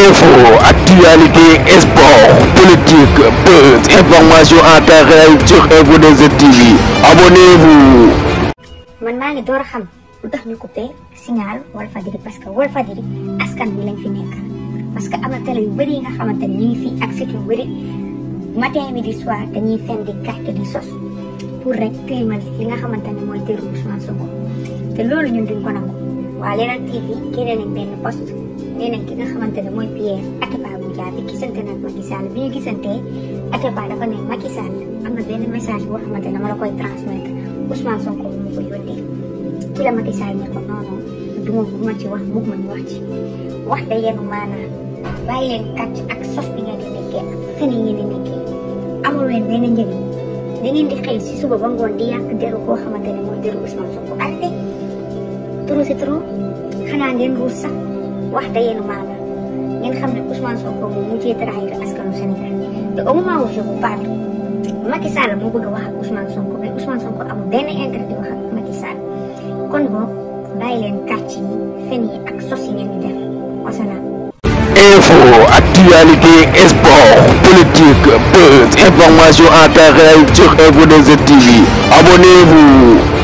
info actualité sport politique buzz information en temps réel sur Info 2S TV abonnez-vous. man maa ngi door xam lu tax ñu coupé signal Walfadjri parce que Walfadjri askan bi lañ fi nekk parce que am na télé nga xamante ni fi ak site yu matin midi soir dañuy fen di carte di sos pour rek tilimal li nga xamante ne mooy Ousmane Sonko te loolu ñun duñ ko nangu. waa Leral TV génne nañ benn post nee ki nga ne mooy Pierre Atépa bu jaar bi gisante nag Macky Sall bi ñu gisantee Atépa dafa ne Macky Sall am na benn message boo xamante ne dama la koy transmettre Ousmane Sonko moo ko yónnee ci la Macky Sall ne ko non non du ma bu wax bëgg ma ñu wax ci wax da yenn maanaam bàyyi leen ak sos bi ngeen di nekkee ak fen yi ngeen di nekkee amul leen benn njëriñ da ngeen di xëy si suba ba ngoon di yàq deru ne mooy deru Ousmane Sonko trop c'est trop xanaa ngeen ruus sax wax da yéen maanaam ngeen xam ne Ousmane Sonko moom mu mujjee trahir askanu Sénégal te au moment où je vous parle Macky Sall moo bëgg a wax ak Ousmane Sonko mais Ousmane Sonko amul benn intérêt di wax ak Macky Sall kon boobu bàyyi leen quartier yi fen yi ak sos yi ngeen di def wasalaam. info actualité sport politique buzz information en temps réel sur Info 2S TV abonnez-vous.